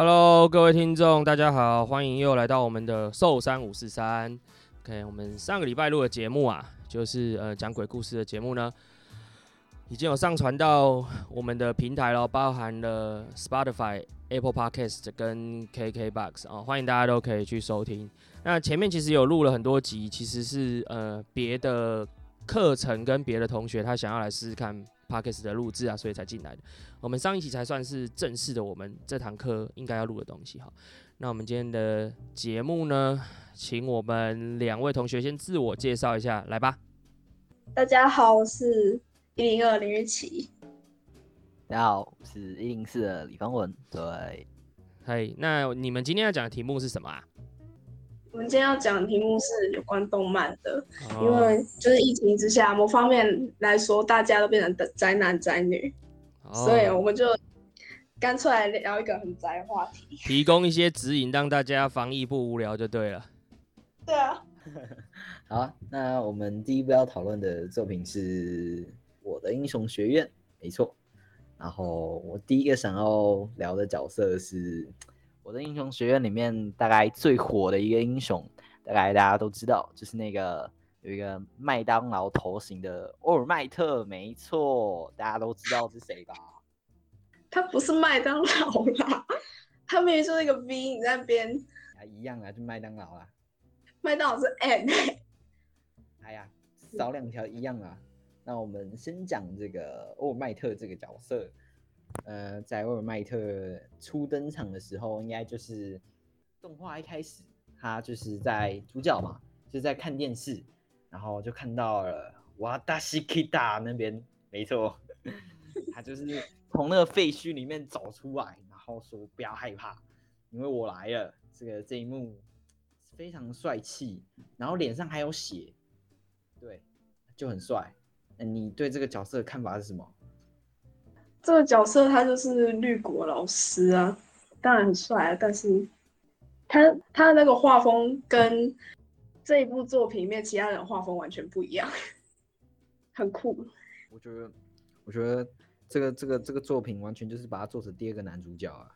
Hello，各位聽眾，大家好，歡迎又來到我們的壽山五四三。OK，我們上個禮拜錄的節目啊，就是呃講鬼故事的節目呢，已經有上傳到我們的平台咯，包含了 Spotify、Apple Podcast 跟 KKBox 啊、哦，歡迎大家都可以去收聽。那前面其實有錄了很多集，其實是呃別的課程跟別的同學他想要來試試看。Podcast 的錄製啊，所以才進來的。我們上一期才算是正式的，我們這堂課應該要錄的東西哈。那我們今天的節目呢，請我們兩位同學先自我介紹一下，來吧。大家好，我是一零二林玉琪。大家好，我是一零四的李方文。對，嗨，hey, 那你們今天要講的題目是什麼啊？我們今天要講的題目是有關動漫的，oh. 因為就是疫情之下，某方面來說，大家都變成宅男宅女，oh. 所以我們就乾脆來聊一個很宅的話題，提供一些指引，讓大家防疫不無聊就對了。對啊， 好，那我們第一步要討論的作品是《我的英雄學院》，沒錯。然後我第一個想要聊的角色是。我的英雄學院裡面大概最火的一個英雄，大概大家都知道，就是那個有一個麥當勞頭型的奧爾麥特，沒錯，大家都知道是誰吧？他不是麥當勞啦，他明明就是一個 V，你在那邊啊，一樣啊，就麥當勞啊？麥當勞是 N，哎呀，少兩條一樣啊。那我們先講這個奧爾麥特這個角色。呃，在沃爾麥特初登場的時候，應該就是動畫一開始，他就是在主角嘛，就是在看電視，然後就看到了瓦達西基達那邊，沒錯，他就是從那個廢墟裡面走出來，然後說不要害怕，因為我來了。這個這一幕非常帥氣，然後臉上還有血，對，就很帥。呃，你對這個角色的看法是什麼？這個角色他就是綠果老師啊，當然很帥啊，但是他他的那個畫風跟這一部作品裡面其他人的畫風完全不一樣，很酷。我覺得，我覺得這個這個這個作品完全就是把他做成第二個男主角啊。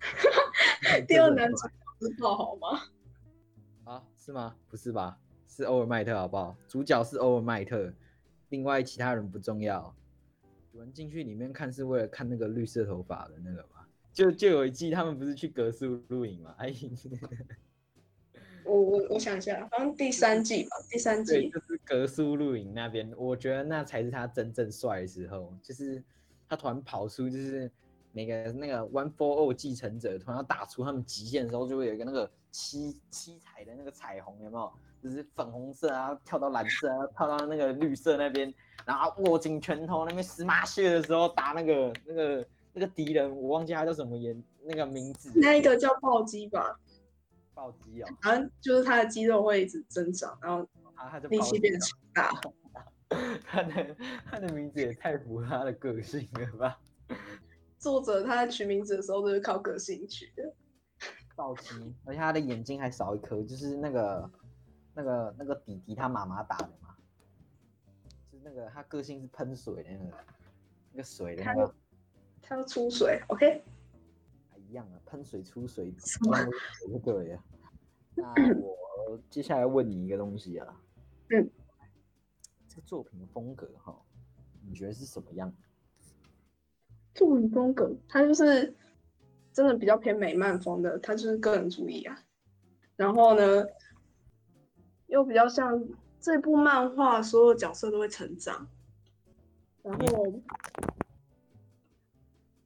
第二男主角好嗎？啊，是嗎？不是吧？是歐爾麥特好不好？主角是歐爾麥特，另外其他人不重要。我們進去裡面看是為了看那個綠色頭髮的那個吧？就就有一季他們不是去格蘇露營嘛，哎 ，我我我想一下，好像第三季吧，第三季就是格蘇露營那邊，我覺得那才是他真正帥的時候，就是他突然跑出，就是那個那個 One for All 繼承者突然要打出他們極限的時候，就會有一個那個。七七彩的那個彩虹有沒有？就是粉紅色啊，跳到藍色，啊，然跳到那個綠色那邊，然後握緊拳頭，那邊死馬血的時候打那個那個那個敵人，我忘記他叫什麼顏那個名字。那一個叫暴擊吧，暴擊、哦、啊，像就是他的肌肉會一直增長，然後啊，他的力氣變大。啊、 他的他的名字也太符合他的個性了吧？作者他取名字的時候都是靠個性取的。倒吸，而且他的眼睛還少一顆，就是那個、那個、那個弟弟他媽媽打的嘛，就是那個他個性是噴水的那個，那個水的那個，他要出水，OK，還一樣啊，噴水出水，哦、什麼不對呀？那我接下來問你一個東西啊，嗯，這作品的風格哈，你覺得是什麼樣？作品風格，它就是。真的比較偏美漫風的，他就是個人主義啊。然後呢，又比較像這部漫畫，所有角色都會成長。然後，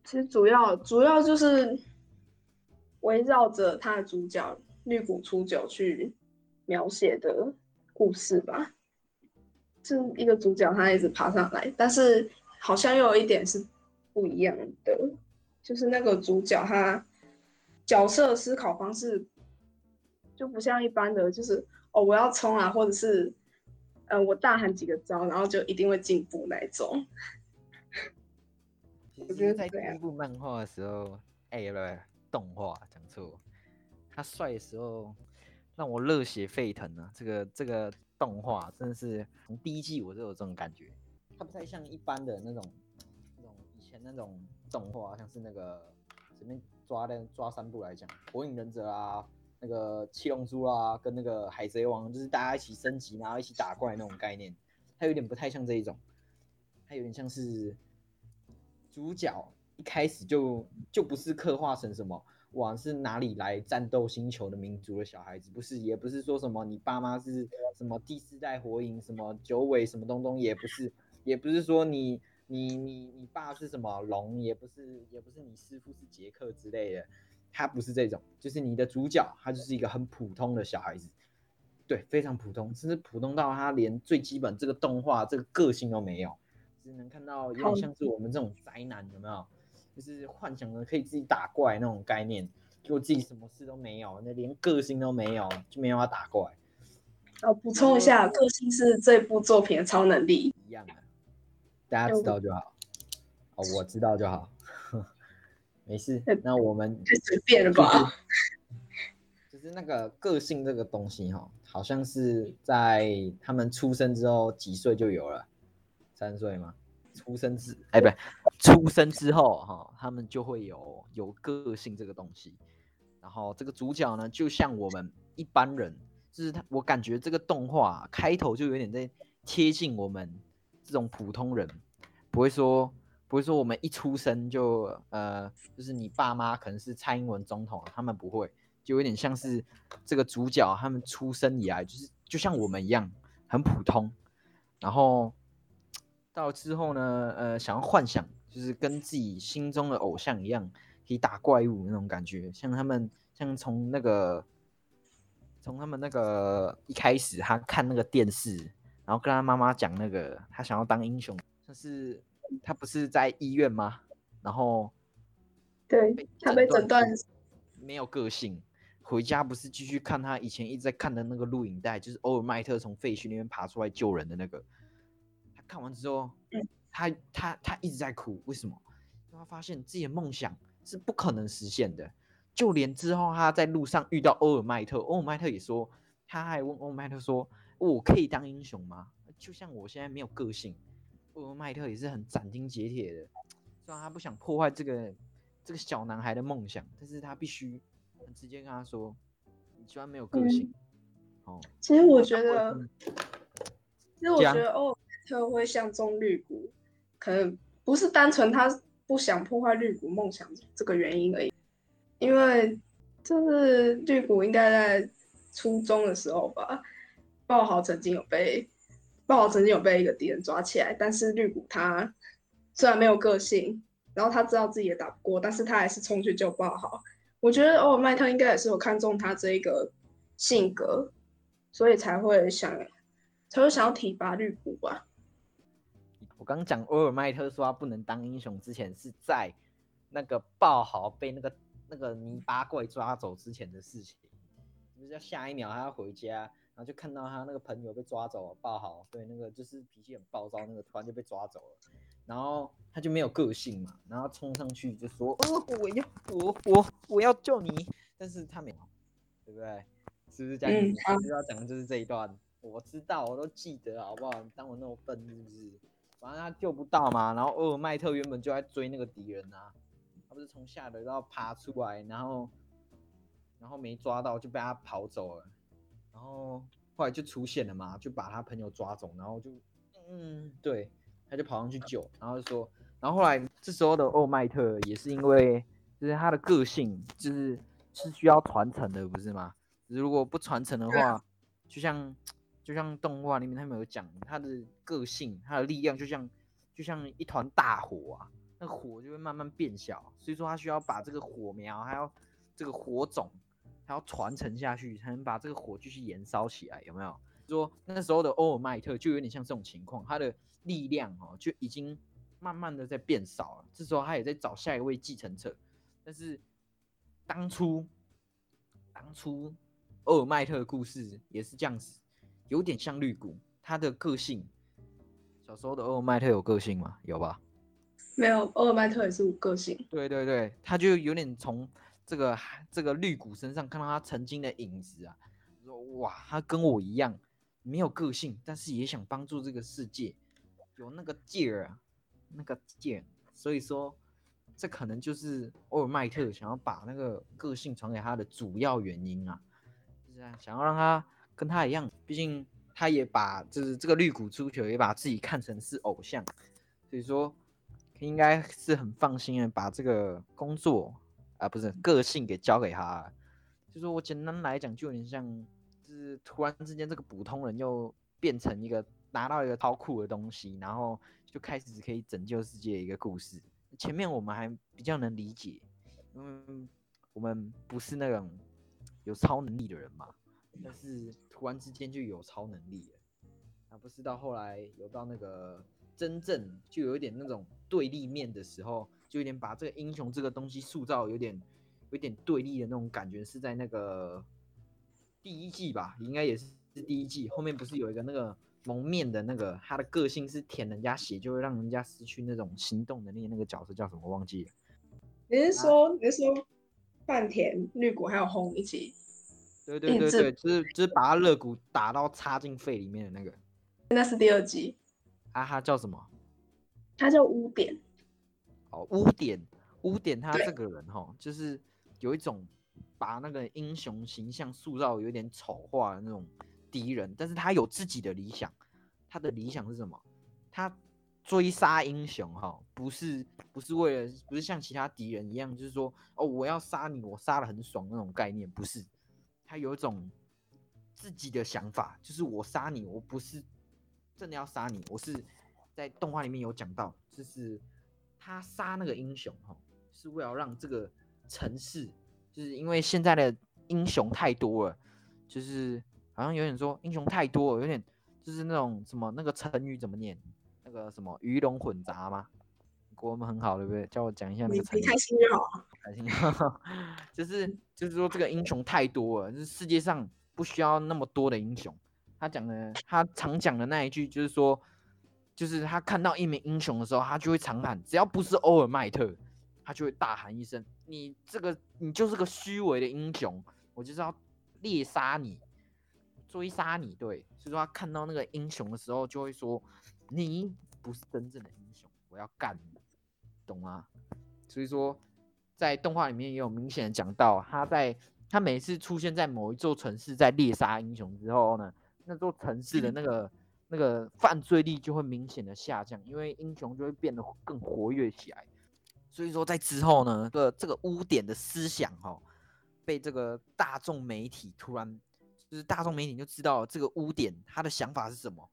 其實主要主要就是圍繞着他的主角綠谷出久去描寫的故事吧。是一個主角他一直爬上來，但是好像又有一點是不一樣的。就是那個主角，他角色思考方式就不像一般的，就是哦，我要衝啊，或者是呃，我大喊幾個招，然後就一定會進步那種。我覺得在第一部漫畫的時候，哎， 了，動畫講錯。他帥的時候，讓我熱血沸騰啊！這個這個動畫真的是從第一季我就有這種感覺。他不太像一般的那種那種以前那種。動畫像是那個隨便抓的抓三部來講，《火影忍者》啊，那個《七龍珠》啊，跟那個《海賊王》，就是大家一起升級，然後一起打怪那種概念，它有點不太像這一種，它有點像是主角一開始就就不是刻畫成什麼，我是哪裡來戰鬥星球的民族的小孩子，不是，也不是說什麼你爸媽是什麼第四代火影，什麼九尾什麼東東，也不是，也不是說你。你你你爸是什麼龍也不是，也不是你師傅是傑克之類的，他不是這種，就是你的主角，他就是一個很普通的小孩子，對，非常普通，甚至普通到他連最基本這個動畫這個個性都沒有，只能看到有點像是我們這種宅男有沒有？就是幻想的可以自己打怪的那種概念，結果自己什麼事都沒有，那連個性都沒有，就沒有要打怪。哦，補充一下，個性是這部作品的超能力。一樣的啊。大家知道就好，有哦，我知道就好，沒事。得那我們太隨便了吧？聽聽？就是那個個性這個東西，哦，哈，好像是在他們出生之後幾歲就有了，三歲嗎？出生之哎不對，出生之後哈，哦，他們就會有有個性這個東西。然後這個主角呢，就像我們一般人，就是他，我感覺這個動畫開頭就有點在貼近我們。這種普通人不會說，不會說我們一出生就呃，就是你爸媽可能是蔡英文總統，他們不會，就有點像是這個主角他們出生以來就是就像我們一樣很普通，然後到之後呢，呃，想要幻想就是跟自己心中的偶像一樣，可以打怪物那種感覺，像他們像從那個從他們那個一開始他看那個電視。然後跟他媽媽講那個，他想要當英雄，但是他不是在醫院嗎？然後，對，他被診斷沒有個性，回家不是繼續看他以前一直在看的那個錄影帶，就是歐爾麥特從廢墟裡面爬出來救人的那個。他看完之後，他他他，他一直在哭，為什麼？他發現自己的夢想是不可能實現的。就連之後他在路上遇到歐爾麥特，歐爾麥特也說，他還問歐爾麥特說，我、哦、可以當英雄嗎？就像我現在沒有個性，歐爾麥特也是很斬釘截鐵的。雖然他不想破壞這個這個小男孩的夢想，但是他必須很直接跟他說：“你居然沒有個性。嗯”哦，其實我覺得，嗯、其實我覺得歐爾麥特會相中綠谷，樣可能不是單純他不想破壞綠谷夢想這個原因而已，因為就是綠谷應該在初中的時候吧。爆豪曾經有被爆豪曾經有被一個敵人抓起來，但是綠谷他雖然沒有個性，然後他知道自己也打不過，但是他還是衝去救爆豪。我覺得歐爾麥特應該也是有看中他這一個性格，所以才會想才會想要提拔綠谷吧。我剛講歐爾麥特說他不能當英雄之前，是在那個爆豪被那個那個泥巴怪抓走之前的事情，不是下一秒他要回家。然後就看到他那個朋友被抓走了，爆豪，對，那個就是脾氣很暴躁那個，突然就被抓走了，然後他就沒有個性嘛，然後衝上去就說，呃、哦，我要我我我要救你，但是他沒有，對不對？是不是在，你知道講的就是這一段，我知道，我都記得，好不好？你當我那種笨，是不是？反正他救不到嘛，然後歐爾麥特原本就在追那個敵人啊，他不是從下水道然後爬出來，然後然後沒抓到就被他跑走了。然後後來就出現了嘛，就把他朋友抓走，然後就，嗯，對，他就跑上去救，然後就說，然後後來這時候的歐麥特也是因為就是他的個性就是是需要傳承的，不是嗎？是如果不傳承的話，就像就像動畫裡面他們有講，他的個性他的力量就像就像一團大火啊，那火就會慢慢變小，所以說他需要把這個火苗，還有這個火種。他要傳承下去，才能把這個火繼續燃燒起來，有沒有？說那時候的歐爾麥特就有點像這種情況，他的力量哦、喔、就已經慢慢的在變少了。這時候他也在找下一位繼承者，但是當初當初歐爾麥特的故事也是這樣子，有點像綠谷，他的個性，小時候的歐爾麥特有個性嗎？有吧？沒有，歐爾麥特也是有個性。對對對，他就有點從。這個這個綠谷身上看到他曾經的影子啊，說哇，他跟我一樣沒有個性，但是也想幫助這個世界，有那個勁兒啊，那個勁。所以說，這可能就是歐爾麥特想要把那個個性傳給他的主要原因啊，是啊，想要讓他跟他一樣，畢竟他也把就是這個綠谷出去也把自己看成是偶像，所以說應該是很放心的把這個工作。啊，不是，個性給交給他，就是我簡單來講，就有點像，就是突然之間這個普通人又變成一個拿到一個超酷的東西，然後就開始可以拯救世界的一個故事。前面我們還比較能理解，嗯，我們不是那種有超能力的人嘛，但是突然之間就有超能力了。那、啊、不是到後來有到那個真正就有一點那種對立面的時候，就有點把這個英雄這個東西塑造有點有點對立的那種感覺，是在那個第一季吧？應該也是第一季。後面不是有一個那個蒙面的那個，他的個性是舔人家血就會讓人家失去那種行動能力，那個角色叫什麼？我忘記了。你是說、啊、你是說飯田綠谷還有轟一起？對對對對，欸、就是就是把他肋骨打到插進肺裡面的那個。那是第二季。哈哈、啊，叫什麼？他叫污點。哦，污點，污點，他這個人哦，就是有一種把那個英雄形象塑造有點醜化的那種敵人，但是他有自己的理想，他的理想是什麼？他追殺英雄哈、哦，不是不是為了，不是像其他敵人一樣，就是說哦，我要殺你，我殺得很爽那種概念，不是，他有一種自己的想法，就是我殺你，我不是真的要殺你，我是在動畫裡面有講到，就是。他殺那個英雄，是為了讓這個城市，就是因為現在的英雄太多了，就是好像有點說英雄太多了，有點就是那種什麼那個成語怎麼念？那個什麼魚龍混雜嗎？國文很好，對不對？叫我講一下那個成語。你開心就好，開心就好，就是就是說這個英雄太多了，就是世界上不需要那麼多的英雄。他講的，他常講的那一句就是說。就是他看到一名英雄的時候，他就會長喊，只要不是歐爾麥特，他就會大喊一聲：“你這個，你就是個虛偽的英雄，我就是要獵殺你，追殺你。”對，所以說他看到那個英雄的時候，就會說：“你不是真正的英雄，我要幹你，懂嗎？”所以說，在動畫裡面也有明顯的講到，他在他每次出現在某一座城市，在獵殺英雄之後呢，那座城市的那個。 那個犯罪率就會明顯的下降，因為英雄就會變得更活躍起來。所以說，在之後呢，的這個污點的思想、哦，哈，被這個大眾媒體突然就是大眾媒體就知道這個污點他的想法是什麼，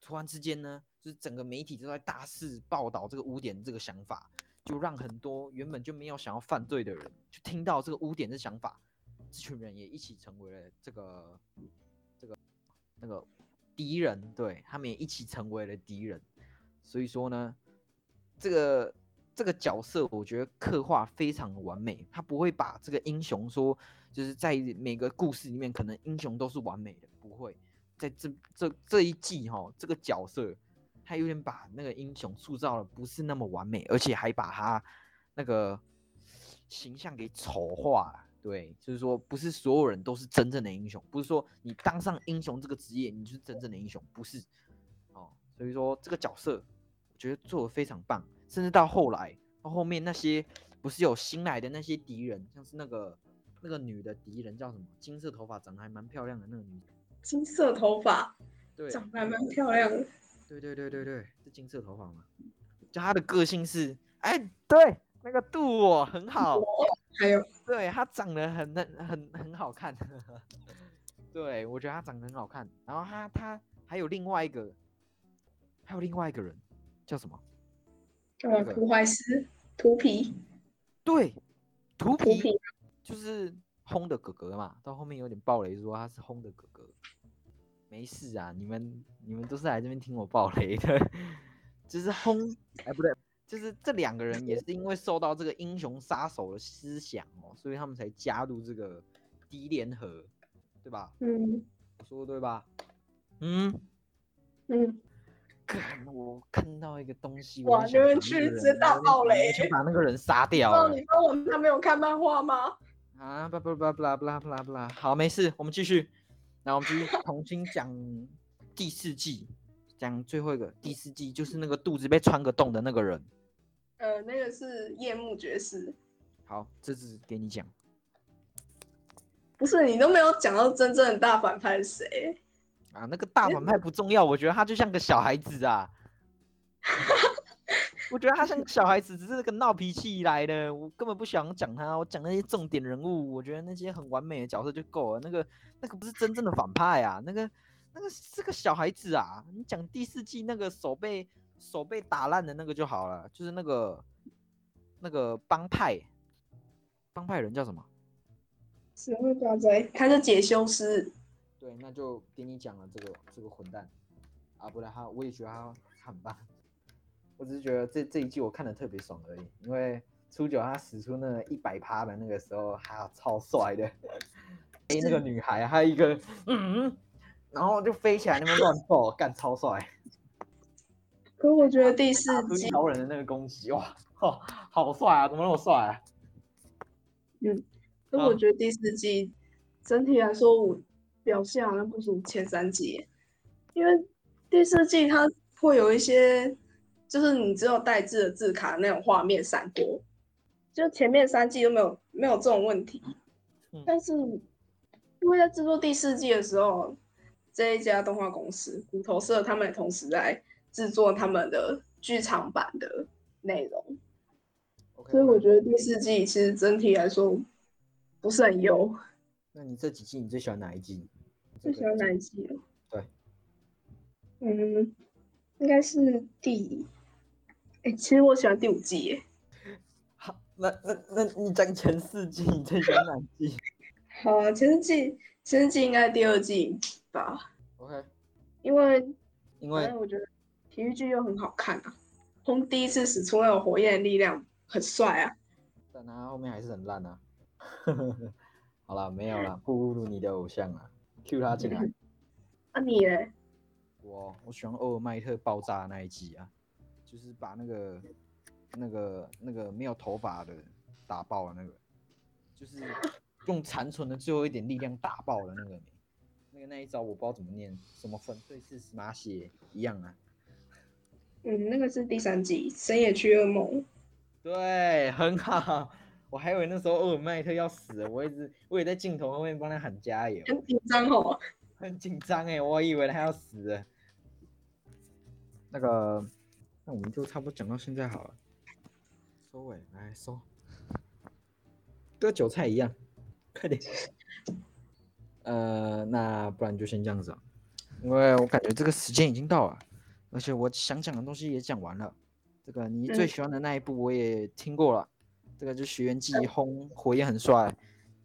突然之間呢，就是整個媒體都在大肆報道這個污點這個想法，就讓很多原本就沒有想要犯罪的人，就聽到這個污點的想法，這群人也一起成為了這個這個那個。敵人，對，他們也一起成為了敵人，所以說呢，這個這個角色我覺得刻畫非常完美，他不會把這個英雄說就是在每個故事裡面可能英雄都是完美的，不會在這這這一季哈、哦、這個角色他有點把那個英雄塑造的不是那麼完美，而且還把他那個形象給醜化了。對，就是說，不是所有人都是真正的英雄，不是說你當上英雄這個職業，你就是真正的英雄，不是，哦，所以說這個角色，我覺得做得非常棒，甚至到後來到後面那些不是有新來的那些敵人，像是那個那個女的敵人叫什麼？金色頭髮，長得還蠻漂亮的那個女，金色頭髮，對，長得還蠻漂亮的，對對對對對，是金色頭髮嘛？就她的個性是，哎，對。那個度我、哦、很好，還、哦、有，哎、呦對他長得很那很很好看， 對我覺得他長得很好看。然後他他，他還有另外一個，還有另外一個人叫什麼？哦、呃，圖壞斯圖皮，對，圖皮，圖皮就是轟的哥哥嘛。到後面有點爆雷，說他是轟的哥哥，沒事啊，你們你們都是來這邊聽我爆雷的， 就是轟，哎不對。就是這兩個人也是因為受到這個英雄殺手的思想哦，所以他們才加入這個敵聯合，對吧？嗯，說的對吧？嗯嗯，我看到一個東西，我哇，就們去吃大爆雷，先把那個人殺掉。哦，你說我們，他沒有看漫畫嗎？啊，巴拉巴拉巴拉巴拉巴拉，好，沒事，我們繼續。那我們繼續重新講第四季，講 最後一個第四季，就是那個肚子被穿個洞的那個人。呃，那個是夜幕爵士。好，這次給你講。不是，你都沒有講到真正的大反派是誰啊？那個大反派不重要，我覺得他就像個小孩子啊。我覺得他像個小孩子，只是個鬧脾氣來的。我根本不想講他，我講那些重點人物。我覺得那些很完美的角色就夠了。那個，那個不是真正的反派啊，那個，那個是個小孩子啊。你講第四季那個手背。手被打爛的那個就好了，就是那個那個幫派，幫派人叫什麼？死惡爪賊，他就解修師。對，那就給你講了這個這個混蛋。啊，不然他我也覺得他很棒。我只是覺得這這一季我看得特別爽而已，因為出久他使出那一百趴的那個時候，哈，超帥的。哎，那個女孩還有一個，嗯，然後就飛起來那麼亂爆， 幹超帥。可我覺得第四季超人的那個攻擊哇，好，哦，好帥啊！怎麼那麼帥啊？嗯，可我覺得第四季，嗯、整體來說，我表現好像不如前三季，因為第四季它會有一些，就是你只有帶字的字卡的那種畫面閃過，就前面三季都沒有沒有這種問題。嗯、但是因為在制作第四季的時候，這一家動畫公司骨頭社他們也同時在，製作他們的劇場版的內容，okay, okay. 所以我覺得第四季其實整體來說不是很優。Okay. 那你這幾季你最喜歡哪一季？最喜歡哪一季？對，嗯，應該是第哎、欸，其實我喜歡第五季。好，那那那你講前四季，你最喜歡哪一季？ 好啊，前四季前四季應該第二季吧？OK，因為因為我覺得。體育劇又很好看啊！從第一次使出那種火焰的力量，很帥啊！但他後面還是很爛啊。 好了，沒有了，不侮辱你的偶像啊 Q、嗯、他進來。嗯、啊你，你嘞？我，我喜歡歐爾麥特爆炸那一集啊，就是把那個、那個、那個沒有頭髮的打爆了，啊，那個就是用殘存的最後一點力量打爆的，啊、那個，那個那一招我不知道怎麼念，什麼粉碎是死馬血一樣啊。嗯，那個是第三季《神野區噩夢》。對，很好。我還以為那時候歐爾麥特要死了，我一直我也在鏡頭後面幫他喊加油，很緊張哦。很緊張哎、欸，我以為他要死了。那個，那我們就差不多講到現在好了，收尾來收，割韭菜一樣，快點。 呃，那不然就先這樣子啊、哦，因為我感覺這個時間已經到了。而且我想講的東西也講完了，這個你最喜歡的那一部我也聽過了，這個就學員憶轟火焰很帥，雖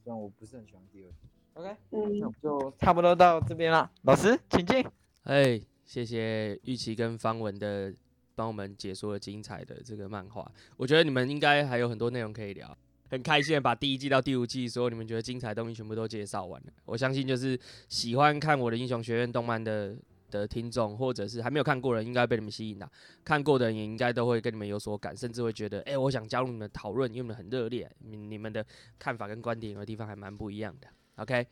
然我不是很喜歡第二。OK，嗯對，那我就差不多到這邊了，老師請進。哎，hey, 謝謝玉琪跟方文的幫我們解說了精彩的這個漫畫，我覺得你們應該還有很多內容可以聊，很開心的把第一季到第五季所有你們覺得精彩的東西全部都介紹完了。我相信就是喜歡看我的英雄學院動漫的。的聽眾，或者是還沒有看過人，應該被你們吸引的、啊；看過的人，也應該都會跟你們有所感，甚至會覺得，哎、欸，我想加入你們討論，因為你們很熱烈，你們的看法跟觀點有的地方還蠻不一樣的。OK，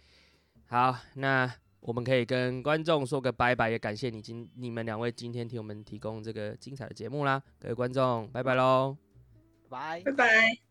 好，那我們可以跟觀眾說個拜拜，也感謝你今你們兩位今天替我們提供這個精彩的節目啦，各位觀眾，拜拜嘍，拜拜，拜拜。